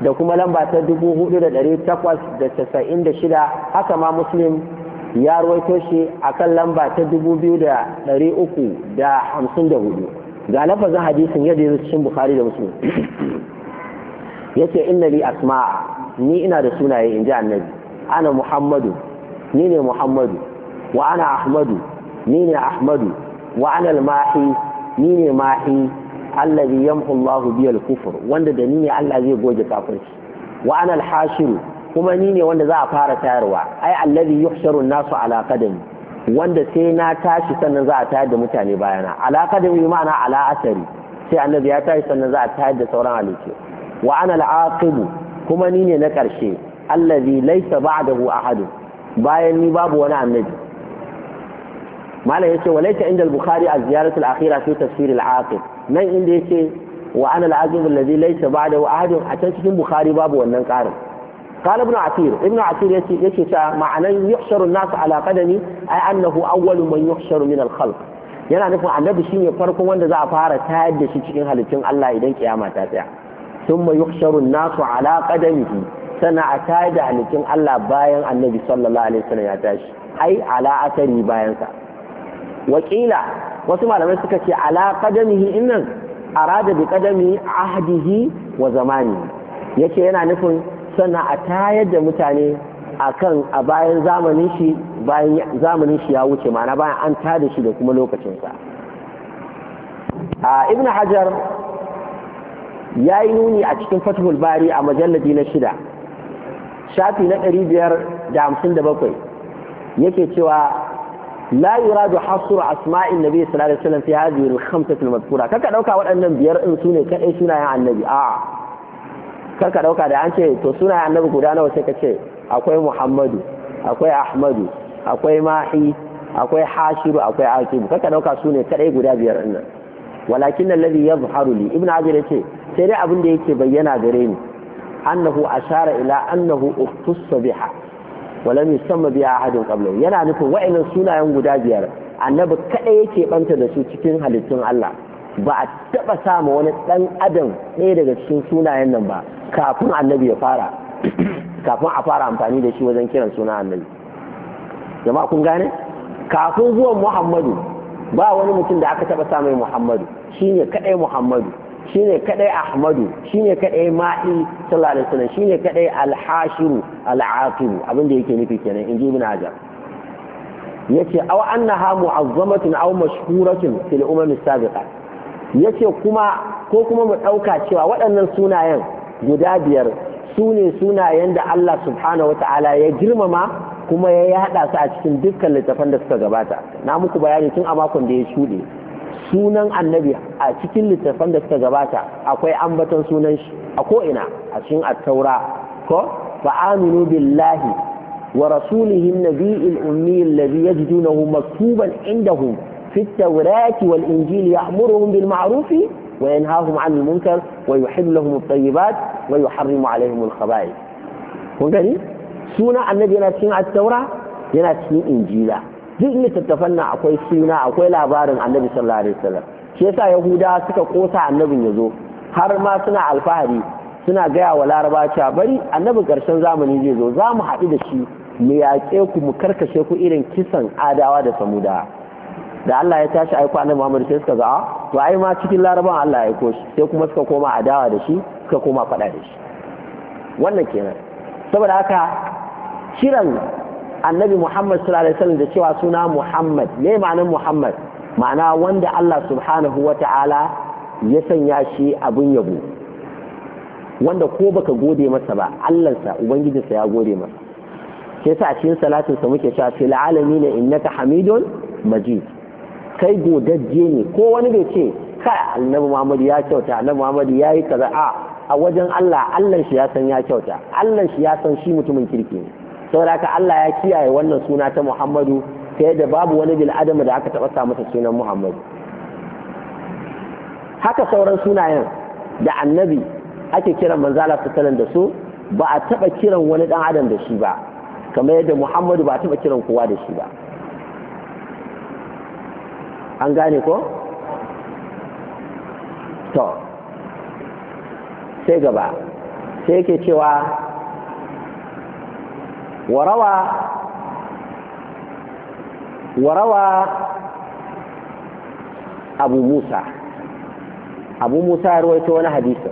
[SPEAKER 1] da kuma lamba ta dubu da da da takwas shida, haka ma muslim ya ruwaito shi a kan lamba ta dubu biyu da da da uku hamsin hudu ga lafazin hadisin yadda ya cikin bukari da muslim in inna li asma'a ni ina da sunaye ji annabi ana muhammadu ni ne muhammadu wa ana ahmadu ni ne ahmadu wa ana al-mahi ni ne mahi allazi yamhu Allahu biyal kufur wanda da ni Allah zai goge kafirci wa ana al kuma ni ne wanda za a fara tayarwa ai allazi yuhsharu nasu ala qadami wanda sai na tashi sannan za a tayar da mutane bayana ala qadami ma'ana ala asari sai annabi ya tashi sannan za a tayar da sauran halittu wa ana al kuma ni ne na karshe allazi laysa ba'dahu ahad bayan ni babu wani annabi malam yace walaita inda al-bukhari az-ziyaratu al-akhira fi tafsir al-aqib nan inda yace wa ana al-azim alladhi laysa a can cikin bukhari babu wannan karin قال ابن عثير ابن عثير يتي يتي معنى يحشر الناس على قدمي annahu انه اول من يحشر من الخلق yana nufin annabi shine farkon wanda za a fara tayar da shi cikin halittun Allah idan kiyama ta tsaya thumma yuhsharu an-nasu ala qadamihi tayar da halittun Allah bayan annabi sallallahu alaihi wasallam ya tashi ai ala asari bayan Waƙila wasu malamai suka ce ala qadamihi innan arada bi qadami ahdihi wa zamani yace yana nufin sannan a tayar da mutane akan a bayan zamanin shi bayan zamanin shi ya wuce ma'ana bayan an tada shi da kuma lokacinsa a ibn hajar ya yi nuni a cikin fatihul bari a majalladi na shida shafi na ɗari biyar da hamsin yake cewa la yuradu hasru asma'in nabi sallallahu alaihi wasallam fi hadhihi al-khamsati al-madhkura kaka dauka waɗannan biyar din sune kadai sunayen annabi a'a karka dauka da an ce to sunayen annabi guda nawa sai akwai muhammadu akwai ahmadu akwai mahi akwai hashiru akwai akibu kaka dauka su ne kadai guda biyar nan walakin alladhi yadhharu li ibnu hajar yace sai dai abin da yake bayyana gare ni annahu ashara ila annahu ukhtussa walam yusamma biya ahadin qablahu yana nufin wa'annan sunayen guda biyar annabi kada yake banta da su cikin halittun Allah ba a taba ma wani dan adam ɗaya daga cikin sunayen nan ba kafin annabi ya fara kafin a fara amfani da shi wajen kiran suna annabi jama'a kun gane kafin zuwan Muhammadu ba wani mutum da aka taba sa mai Muhammadu shine kadai Muhammadu Shi ne kadai ahmadu ne kadai ma'i sallallahu alaihi wasallam ne kadai al-hashiru al abin da yake nufi kenan inji ibn hajar yace aw annaha mu'azzamatun aw mashhuratun fil umam as-sabiqa yace kuma ko kuma mu dauka cewa waɗannan sunayen guda biyar su ne sunayen da Allah subhanahu wata'ala ya girmama kuma ya yada su a cikin dukkan littafan da suka gabata na muku bayani tun a makon da ya shuɗe sunan annabi a cikin littattafan da suka gabata akwai ambaton sunan shi a ko'ina a cikin attaura ko aminu billahi wa rasulihi nabiyil ummi alladhi yajidunahu maktuban indahum fi at-taurati wal injili ya'muruhum bil ma'rufi wa yanhahum 'anil munkar wa yuhibbu lahum at-tayyibat wa yuharrimu 'alayhim al-khaba'ith kun gani sunan annabi yana cikin attaura yana cikin injila duk littattafan nan akwai suna akwai labarin annabi sallallahu alaihi wasallam shi yasa yahuda suka kosa annabin ya zo har ma suna alfahari suna gaya wa laraba cewa bari annabi karshen zamani zai zo za mu haɗu da shi mu yaƙe ku mu karkashe ku irin kisan adawa da samuda da Allah ya tashi aiko annabi Muhammad sai suka ga ah, to ai ma cikin laraban Allah ya aiko shi sai kuma suka koma adawa da shi suka koma faɗa da shi wannan kenan saboda haka kiran annabi Muhammad sallallahu alaihi wasallam da cewa suna Muhammad me ma'anar Muhammad ma'ana wanda Allah subhanahu wata'ala ya sanya shi abin yabo wanda ko baka gode masa ba Allahnsa ubangijinsa ya gode masa sai sa cikin salatin sa muke cewa fil alamin innaka hamidun majid kai godajje ne ko wani bai ce kai annabi Muhammad ya kyauta annabi Muhammad ya yi kaza a a wajen Allah Allah shi ya san ya kyauta Allah shi ya san shi mutumin kirki ne saboda Allah ya kiyaye wannan suna ta Muhammadu ta yadda babu wani bil adama da aka taɓa sa masa sunan Muhammadu haka sauran sunayen da annabi ake kiran manzala su da su ba a taɓa kiran wani ɗan adam da shi ba kamar yadda Muhammadu ba a taɓa kiran kowa da shi ba an gane ko to sai gaba sai yake cewa وروى وروى أبو موسى أبو موسى رويته وانا حديثا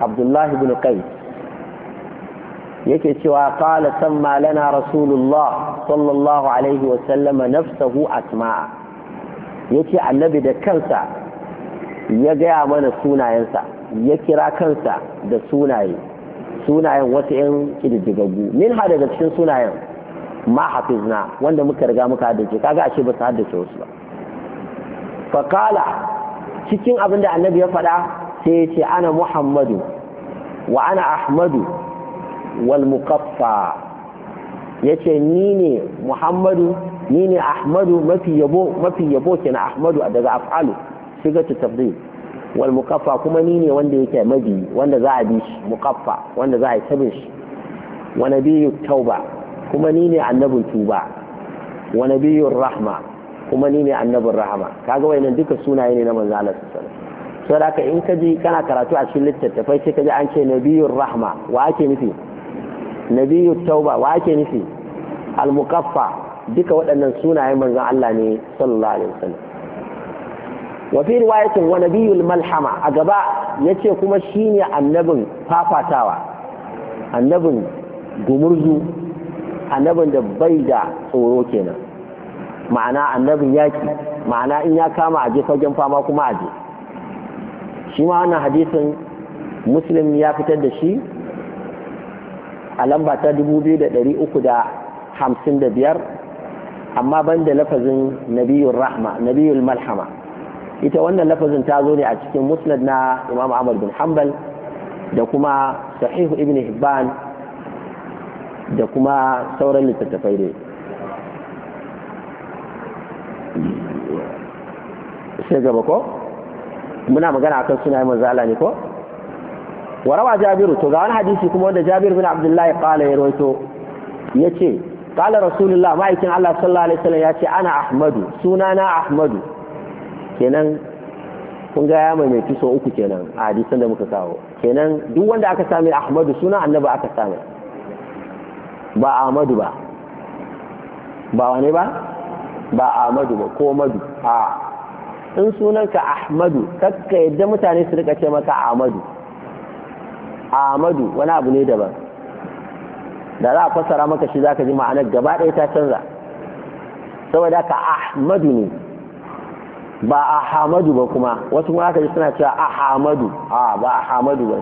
[SPEAKER 1] عبد الله بن قيس yake cewa qala samma lana rasulullah sallallahu alaihi wa sallama nafsahu asma'a yace annabi da kansa ya gaya mana sunayensa ya kira kansa da sunaye sunayen wasu 'yan ƙididdigaggu min ha daga cikin sunayen ma hafizna wanda muka riga muka haddace kaga ashe ba su haddace wasu ba fakala cikin abin da annabi ya faɗa sai ya ce ana muhammadu wa ana ahmadu wal muqaffa ya ce ni ne muhammadu ni ne ahmadu mafi yabo mafi yabo kenan ahmadu daga af'alu shiga ta tafdil wal muqaffa kuma ni ne wanda yake mabi wanda za a bi shi muqaffa wanda za a yi tabin shi wa nabiyyu tauba kuma ni ne annabin tuba wa nabiyyu rahma kuma ni ne annabin rahama kaga wayannan duka sunaye ne na manzo Allah sallallahu alaihi wasallam saboda in ka ji kana karatu a cikin littattafai sai ka ji an ce nabiyyu rahma wa ake nufi nabiyyu tauba wa ake nufi al muqaffa duka waɗannan sunayen manzon Allah ne sallallahu alaihi wasallam wa fi riwayatin wa nabiyul malhama a gaba ya ce kuma shi ne annabin fafatawa annabin gumurzu annabin da bai da tsoro kenan ma'ana annabin yaki ma'ana in ya kama aje fagen fama kuma aje shi ma wannan hadisin muslim ya fitar da shi a lamba ta 2355 amma ban da lafazin nabiyul rahma nabiyul malhama ita wannan lafazin ta zo ne a cikin musnad na imam ahmad bin hanbal da kuma sahihu ibn hibban da kuma sauran littattafai ne sai gaba ko muna magana akan suna manzo Allah ne ko wa rawa jabiru to ga wani hadisi kuma wanda jabir bin abdullahi qala ya rawaito yace qala rasulullah ma'aikin Allah sallallahu alaihi wasallam yace ana ahmadu sunana ahmadu kenan kun ga ya mai so uku kenan a hadisan da muka kawo kenan duk wanda aka sami ahmadu suna annabi aka sami ba ahmadu ba ba wane ba ba ahmadu ba ko madu a in sunanka ahmadu kakka yadda mutane su rika ce maka ahmadu ahmadu wani abu ne daban da za a fassara maka shi zaka ji ma'anar gaba ɗaya ta canza saboda ka ahmadu ne ba ahamadu ba kuma wasu kuma aka yi suna cewa ahamadu a ba ahamadu ba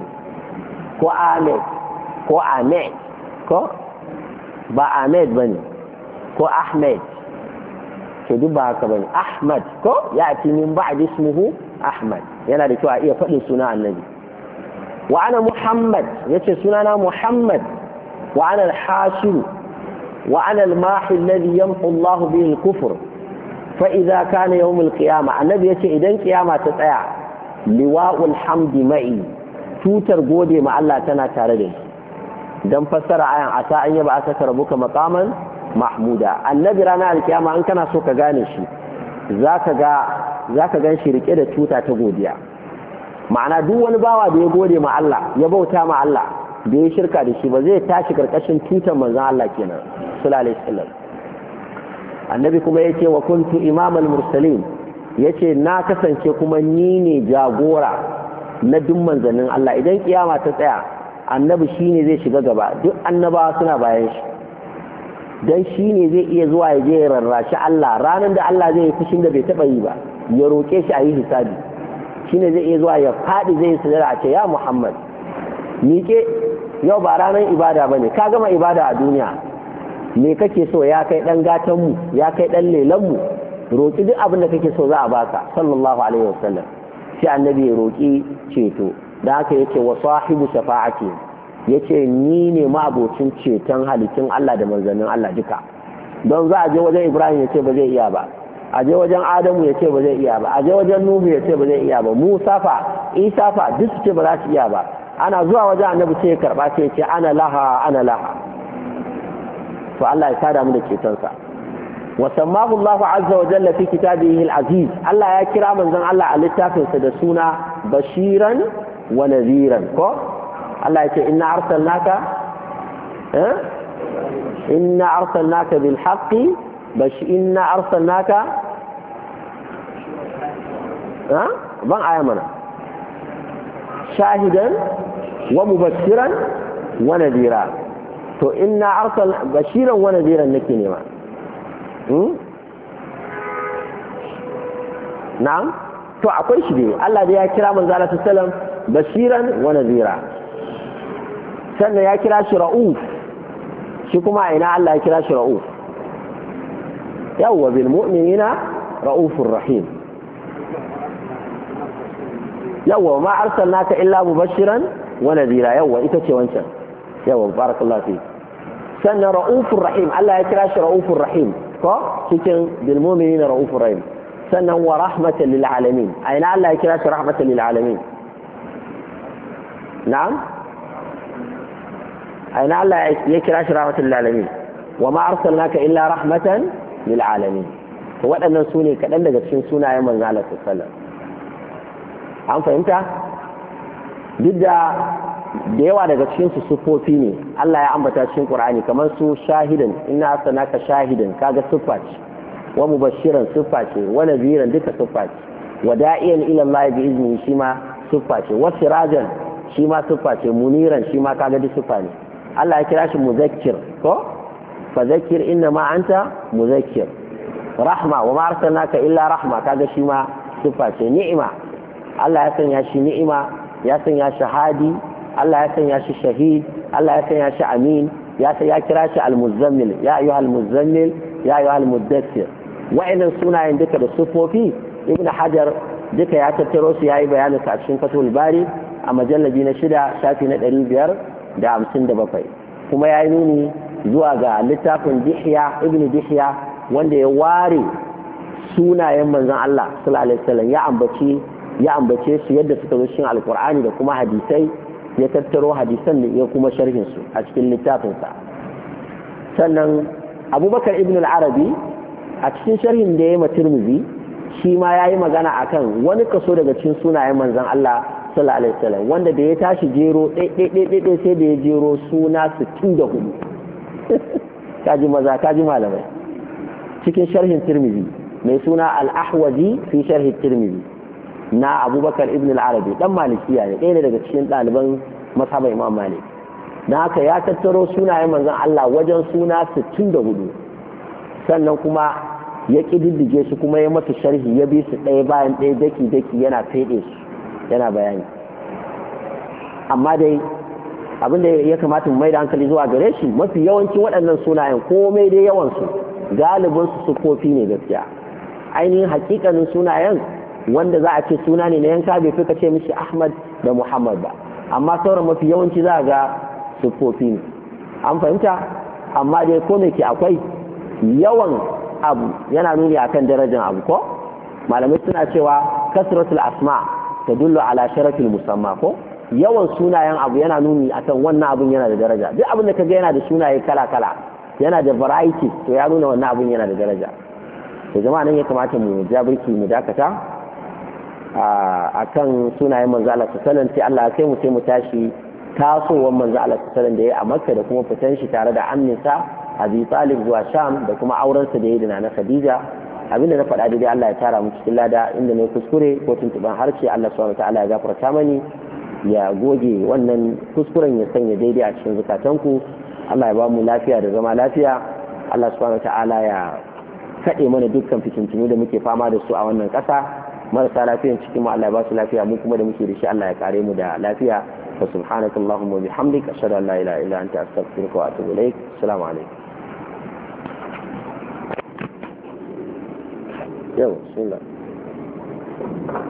[SPEAKER 1] ko ahmed ko ahmed ko ba ahmed ba ne ko ahmed ke duk ba haka ba ne ahmad ko ya ci min ba a jismuhu ahmad yana da kyau a iya faɗin suna annabi wa ana muhammad ya ce sunana muhammad wa ana al-hashiru wa ana al-mahi alladhi yamhu Allah bihi al-kufr Fa'iza idza kana yawmul qiyama annabi ce idan kiyama ta tsaya liwa'ul hamdi ma'i tutar gode ma Allah tana tare da shi dan fassara ayan ata an yaba aka karbuka maqaman mahmuda annabi ranar alkiyama an kana so ka gane shi zaka ga gan shi rike da tuta ta godiya ma'ana duk wani bawa da ya gode ma Allah ya bauta ma Allah da ya shirka da shi ba zai tashi karkashin tutar manzon Allah kenan sallallahu alaihi wasallam annabi kuma ya ce wa kuntu imam mursalin ya ce na kasance kuma ni ne jagora na duk manzannin Allah idan kiyama ta tsaya annabi shi ne zai shiga gaba duk annabawa suna bayan shi dan shi ne zai iya zuwa ya je ya rarrashi Allah ranar da Allah zai yi fushin da bai taɓa yi ba ya roƙe shi a yi hisabi shi ne zai iya zuwa ya faɗi zai yi sadara a ce ya Muhammad miƙe yau ba ranar ibada ba ne ka gama ibada a duniya me kake so ya kai dan gatan mu ya kai dan lelan mu roki duk abin da kake so za a baka sallallahu alaihi wasallam shi annabi ya roki ceto da haka yace wa sahibu shafa'ati yace ni ne ma'abocin ceton halittun Allah da manzannin Allah duka don za a je wajen Ibrahim yace ba zai iya ba a je wajen Adamu ya ba zai iya ba a je wajen Nuhu ya ba zai iya ba Musa fa Isa fa duk su ce ba za su iya ba ana zuwa wajen Annabi sai ya karba sai ya ce ana laha ana laha to Allah ya sada mu da cetonsa wa sammahu Allahu azza wa jalla fi kitabihi al-aziz Allah ya kira manzon Allah a littafinsa da suna bashiran wa nadhiran ko Allah ya ce inna arsalnaka eh inna arsalnaka bil haqqi bash inna arsalnaka ha eh? ban aya mana shahidan wa mubashiran wa nadhira to inna arsal bashiran wani nadiran nake nema hmm? na'am to akwai shi dai Allah dai ya kira manzo Allah sallam bashiran wa nadira sannan ya kira shi ra'uf shi kuma ina Allah ya kira shi ra'uf yawwa bil mu'minina ra'ufur rahim yawwa ma arsalnaka illa mubashiran wa nadira yawwa ita ce wancan yawa barakallahu fi sannan ra'ufur rahim Allah ya kira shi ra'ufur rahim ko cikin bil mu'minina ra'ufur rahim sannan wa rahmatan lil alamin a ina Allah ya kira shi rahmatan lil alamin na'am a ina Allah ya kira shi rahmatan lil alamin wa ma arsalnaka illa rahmatan lil alamin to waɗannan su ne kaɗan daga cikin sunayen manzo Allah sallallahu an fahimta duk da da yawa daga cikin su sufofi ne Allah ya ambata cikin Qur'ani kamar su shahidan inna arsalnaka shahidan kaga siffa ce wa mubashiran siffa ce wa duka siffa ce wa da'iyan ila Allah bi izni shi ma siffa ce wa sirajan shi ma ce muniran shi ma kaga duk siffa ne Allah ya kira shi muzakkir ko fa zakkir inna ma anta muzakkir rahma wa ma arsalnaka illa rahma kaga shi ma siffa ce ni'ima Allah ya sanya shi ni'ima ya sanya shahadi Allah ya sanya shi shahid Allah ya sanya shi amin ya sai ya kira shi al-muzammil ya ayu al-muzammil ya ayu al-muddathir wa'annan sunayen duka da sufofi ibnu hajar duka ya tattaro su yayi bayanin sa a cikin fatul bari a majallabi na shida shafi na ɗari biyar da hamsin da bakwai kuma ya yi nuni zuwa ga littafin dihiya ibnu dihiya wanda ya ware sunayen manzon Allah sallallahu alaihi wasallam ya ambace ya ambace su yadda suka zo cikin alqur'ani da kuma hadisai ya tattaro hadisan da ya kuma sharhin su a cikin littafinsa sannan abubakar ibn al-arabi a cikin sharhin da ya yi tirmizi shi ma ya yi magana akan wani kaso daga cikin sunayen manzan Allah sallallahu alaihi wasallam wanda da ya tashi jero ɗaiɗaiɗaiɗai sai da ya jero suna 64 kaji maza kaji malamai cikin sharhin tirmizi mai suna al-ahwazi fi sharhi tirmizi na abubakar ibn al-arabi dan malikiya ne ɗaya ne daga cikin ɗaliban masaba imam malik na haka ya tattaro sunayen manzon Allah wajen suna 64 sannan kuma ya kididdige su kuma ya mata sharhi ya bi su ɗaya bayan ɗaya daki daki yana fede su yana bayani amma dai abin da ya kamata mu mai da hankali zuwa gare shi mafi yawancin waɗannan sunayen komai dai yawansu galibin su sukofi ne gaskiya ainihin hakikanin sunayen wanda za a ce suna ne na yanka bai fi ce mishi ahmad da muhammad ba amma sauran mafi yawanci za a ga sufofi ne an fahimta amma dai ko me ke akwai yawan abu yana nuni akan darajar abu ko malamai suna cewa kasratul asma dullu ala sharafil musamma ko yawan sunayen abu yana nuni akan wannan abun yana da daraja duk abin da kaga yana da sunaye kala kala yana da variety to ya nuna wannan abun yana da daraja to jama'a nan ya kamata mu jabirki mu dakata a kan sunayen manzo Allah sallallahu sai Allah kai mu sai mu tashi tasowar manzo Allah sallallahu da ya a Makka da kuma fitan shi tare da amminsa Abi Talib zuwa Sham da kuma aurensa da ya dina na Khadija da na faɗa daidai Allah ya tara mu cikin lada inda ne kuskure ko tuntuban harshe Allah subhanahu wataala ya gafarta mani ya goge wannan kuskuren ya sanya daidai a cikin zukatanku Allah ya ba mu lafiya da zama lafiya Allah subhanahu wataala ya kaɗe mana dukkan fitintunu da muke fama da su a wannan ƙasa marasa lafiyan cikin mu Allah ya ba su lafiya mu kuma da muke da shi Allah ya kare mu da lafiya fa subhanaka allahumma bihamdik ashhadu an la ilaha illa anta astaghfiruka wa atubu ilaik assalamu alaikum yau bismillah